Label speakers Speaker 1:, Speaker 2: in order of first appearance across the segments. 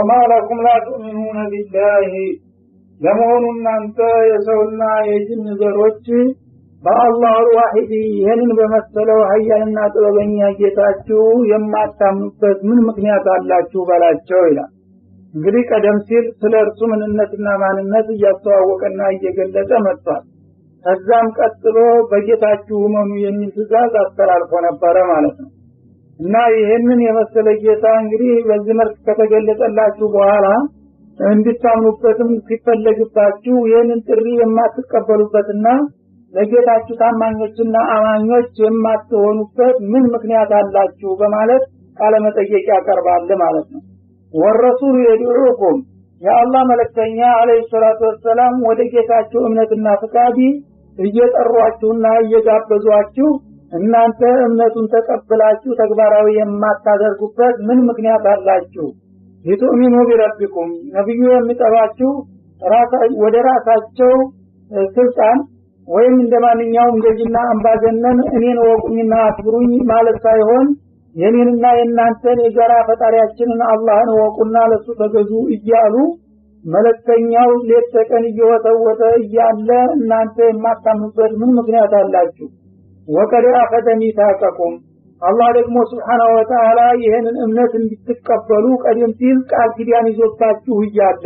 Speaker 1: ወማ ለኩም ላቱእሚኑነ ቢላሂ ለመሆኑ እናንተ የሰውና የጅን ዘሮች በአላሁ ልዋሒድ ይህንን በመሰለው ሀያልና ጥበበኛ ጌታችሁ የማታምኑበት ምን ምክንያት አላችሁ በላቸው ይላል እንግዲህ ቀደም ሲል ስለ እርሱ ምንነትና ማንነት እያስተዋወቀና እየገለጸ መጥቷል ከዛም ቀጥሎ በጌታችሁ መኑ የሚል ትእዛዝ አስተላልፎ ነበረ ማለት ነው እና ይህንን የመሰለ ጌታ እንግዲህ በዚህ መልክ ከተገለጸላችሁ በኋላ እንድታምኑበትም ሲፈለግባችሁ ይህንን ጥሪ የማትቀበሉበትና ለጌታችሁ ታማኞችና አማኞች የማትሆኑበት ምን ምክንያት አላችሁ በማለት ቃለ መጠየቅ ያቀርባል ማለት ነው። ወረሱሉ የድዑኩም የአላህ መለክተኛ አለህ ሰላቱ ወሰላም ወደ ጌታችሁ እምነትና ፍቃድ እየጠሯችሁና እየጋበዟችሁ እናንተ እምነቱን ተቀብላችሁ ተግባራዊ የማታደርጉበት ምን ምክንያት አላችሁ? ሊቱእሚኑ ቢረቢኩም ነቢዩ የሚጠሯችሁ ወደ ራሳቸው ስልጣን ወይም እንደ ማንኛውም ገዥና አምባገነን እኔን ወቁኝና አክብሩኝ ማለት ሳይሆን የኔንና የእናንተን የጋራ ፈጣሪያችንን አላህን ወቁና ለሱ ተገዙ እያሉ መለክተኛው ሌት ተቀን እየወተወተ እያለ እናንተ የማታምኑበት ምን ምክንያት አላችሁ? ወቀድ አኸዘ ሚታቀቁም አላህ ደግሞ ስብሓናሁ ወተዓላ ይህንን እምነት እንድትቀበሉ ቀደም ሲል ቃል ኪዳን ይዞታችሁ እያለ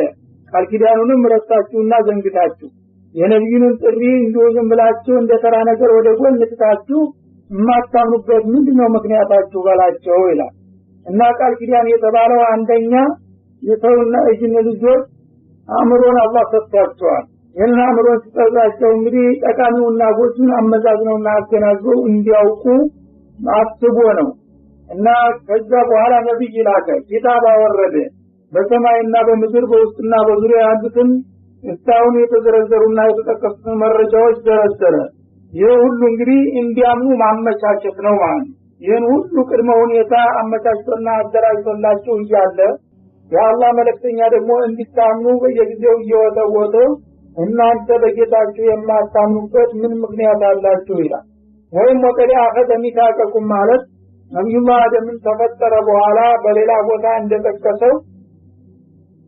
Speaker 1: ቃል ኪዳኑንም ረሳችሁና ዘንግታችሁ የነቢዩንም ጥሪ እንዲሁ ዝም ብላችሁ እንደ ተራ ነገር ወደ ጎን ንጥታችሁ የማታምኑበት ምንድ ነው ምክንያታችሁ በላቸው ይላል እና ቃል ኪዳን የተባለው አንደኛ የሰውና እጅን ልጆች አእምሮን አላህ ሰጥቷቸዋል ይህንን አእምሮ ሲጠዛቸው እንግዲህ ጠቃሚውና ጎጁን አመዛዝነውና አገናዝበው እንዲያውቁ አስቦ ነው እና ከዛ በኋላ ነቢይ ላከ ኪታብ አወረደ በሰማይና በምድር በውስጥና በዙሪያ ያሉትን እስካሁን የተዘረዘሩና የተጠቀሱትን መረጃዎች ዘረዘረ ይህ ሁሉ እንግዲህ እንዲያምኑ ማመቻቸት ነው ማለት ነው ይህን ሁሉ ቅድመ ሁኔታ አመቻችቶና አደራጅቶላቸው እያለ የአላህ መለክተኛ ደግሞ እንዲታምኑ በየጊዜው እየወተወተው እናንተ በጌታችሁ የማታምኑበት ምን ምክንያት አላችሁ ይላል። ወይም ወቀዲ አኸዘ ሚታቀቁም ማለት ነቢዩላህ አደምን ተፈጠረ በኋላ በሌላ ቦታ እንደጠቀሰው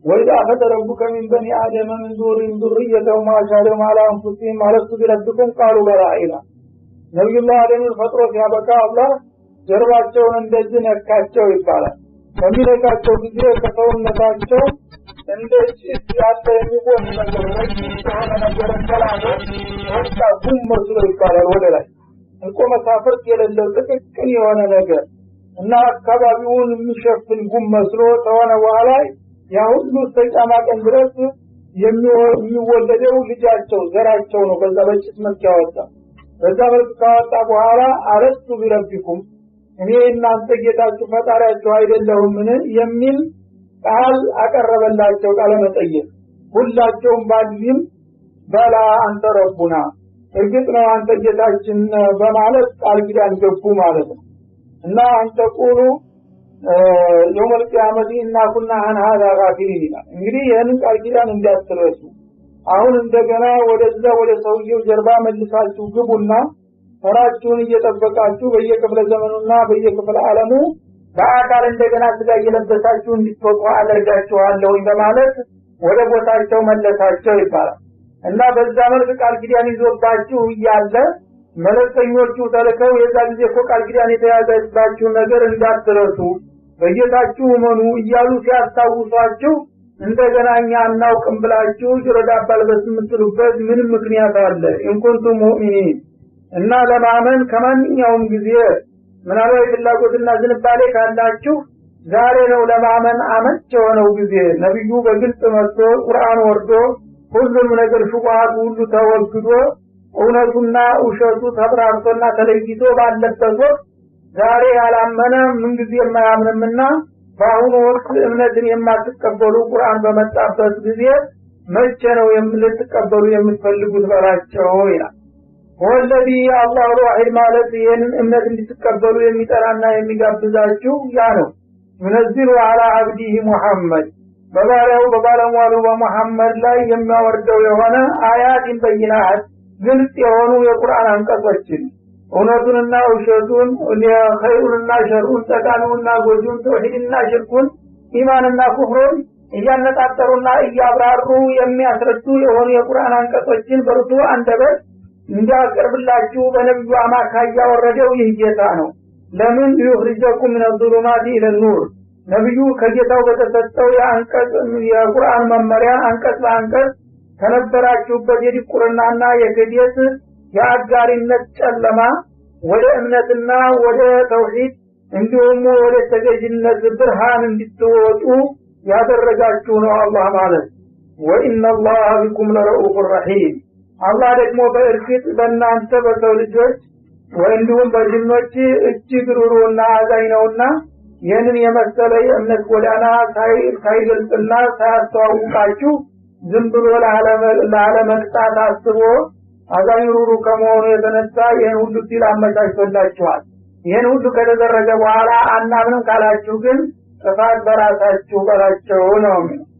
Speaker 1: ወይዛ አኸዘ ረቡከ ሚን በኒ አደመ ምን ዙሪም ዙርየተው አሻደም አላ አንፉሲም አለስቱ ቢረብኩም ቃሉ በላ ይላል። ነቢዩላህ አደምን ፈጥሮ ሲያበቃ አላህ ጀርባቸውን እንደዚህ ነካቸው ይባላል። በሚነካቸው ጊዜ ከሰውነታቸው እንደዚህ ያለ የሚሆን ወይ የሆነ ነገር ተላለ ወጣ ጉም መስሎ ይባላል ወደ ላይ እልቆ መሳፍርት የሌለው ጥቅቅን የሆነ ነገር እና አካባቢውን የሚሸፍን ጉም መስሎ ከሆነ በኋላ ያ ሁሉ ቀን ድረስ የሚወለደው ልጃቸው ዘራቸው ነው። በዛ በጭት መልክ ያወጣ በዛ መልክ ካወጣ በኋላ አረሱ ቢረቢኩም እኔ እናንተ ጌታችሁ ፈጣሪያችሁ አይደለሁምን የሚል ቃል አቀረበላቸው ቃለ መጠየቅ ሁላቸውም ባዲም በላ አንተ ረቡና እርግጥ ነው አንተ ጌታችን በማለት ቃል ኪዳን ገቡ ማለት ነው እና አንተ ቁሉ የውመል እና ኩና አን ጋፊሊን ይላል እንግዲህ ይህንን ቃል ኪዳን እንዲያትረሱ አሁን እንደገና ወደዛ ወደ ሰውየው ጀርባ መልሳችሁ ግቡና ተራችሁን እየጠበቃችሁ በየክፍለ ዘመኑና በየክፍለ አለሙ በአካል እንደገና ስጋ እየለበሳችሁ እንዲትወቁ አደርጋችኋለሁኝ በማለት ወደ ቦታቸው መለሳቸው ይባላል እና በዛ መልክ ቃል ኪዳን ይዞባችሁ እያለ መለስተኞቹ ተልከው የዛ ጊዜ እኮ ቃል ኪዳን የተያዘባችሁ ነገር እንዳትረሱ በጌታችሁ መኑ እያሉ ሲያስታውሷችሁ እንደገና እኛ አናውቅም ብላችሁ ጆሮ አባልበት የምትሉበት ምንም ምክንያት አለ? ኢንኩንቱ ሙእሚኒን እና ለማመን ከማንኛውም ጊዜ ምናልባዊ ፍላጎትና ዝንባሌ ካላችሁ ዛሬ ነው ለማመን አመች የሆነው ጊዜ። ነቢዩ በግልጽ መጥቶ ቁርአን ወርዶ ሁሉም ነገር ሽቡሃት ሁሉ ተወግዶ እውነቱና ውሸቱ ተብራርቶና ተለይቶ ባለበት ወቅት ዛሬ ያላመነ ምንጊዜ የማያምንምና በአሁኑ ወቅት እምነትን የማትቀበሉ ቁርአን በመጣበት ጊዜ መቼ ነው ልትቀበሉ የምትፈልጉት በላቸው ይላል። ወለዲ አላህ ዋሂድ ማለት ይህንን እምነት እንድትቀበሉ የሚጠራና የሚጋብዛችሁ ያ ነው ዩነዚሉ አላ አብዲህ ሙሐመድ በባሪያው በባለሟሉ በሙሐመድ ላይ የሚያወርደው የሆነ አያትን በይናት ግልጽ የሆኑ የቁርአን አንቀጾችን እውነቱንና ውሸቱን ኸይሩንና ሸሩን ጠቃሚውና ጎጂውን ተውሒድና ሽርኩን ኢማንና ኩፍሩን እያነጣጠሩና እያብራሩ የሚያስረዱ የሆኑ የቁርአን አንቀጾችን በርቱ አንደበት እንዲያቀርብላችሁ በነቢዩ አማካይ ያወረደው ይህ ጌታ ነው። ለምን ዩኽሪጀኩም ምን ዙሉማት ኢለኑር ነቢዩ ከጌታው በተሰጠው የአንቀጽ የቁርአን መመሪያ አንቀጽ በአንቀጽ ከነበራችሁበት የድቁርናና የክዴት የአጋሪነት ጨለማ ወደ እምነትና ወደ ተውሂድ እንዲሁም ወደ ተገዥነት ብርሃን እንድትወጡ ያደረጋችሁ ነው አላህ ማለት ወኢና አላህ ቢኩም ለረኡፍ ረሒም አላህ ደግሞ በእርግጥ በእናንተ በሰው ልጆች እንዲሁም በጅኖች እጅግ ሩሩና አዛኝ ነውና ይህንን የመሰለ የእምነት ጎዳና ሳይገልጽና ሳያስተዋውቃችሁ ዝም ብሎ ላለመቅጣት አስቦ አዛኝ ሩሩ ከመሆኑ የተነሳ ይህን ሁሉ ሲል አመቻችቶላችኋል። ይህን ሁሉ ከተደረገ በኋላ አናምንም ካላችሁ ግን ጥፋት በራሳችሁ በላቸው ነው የሚለው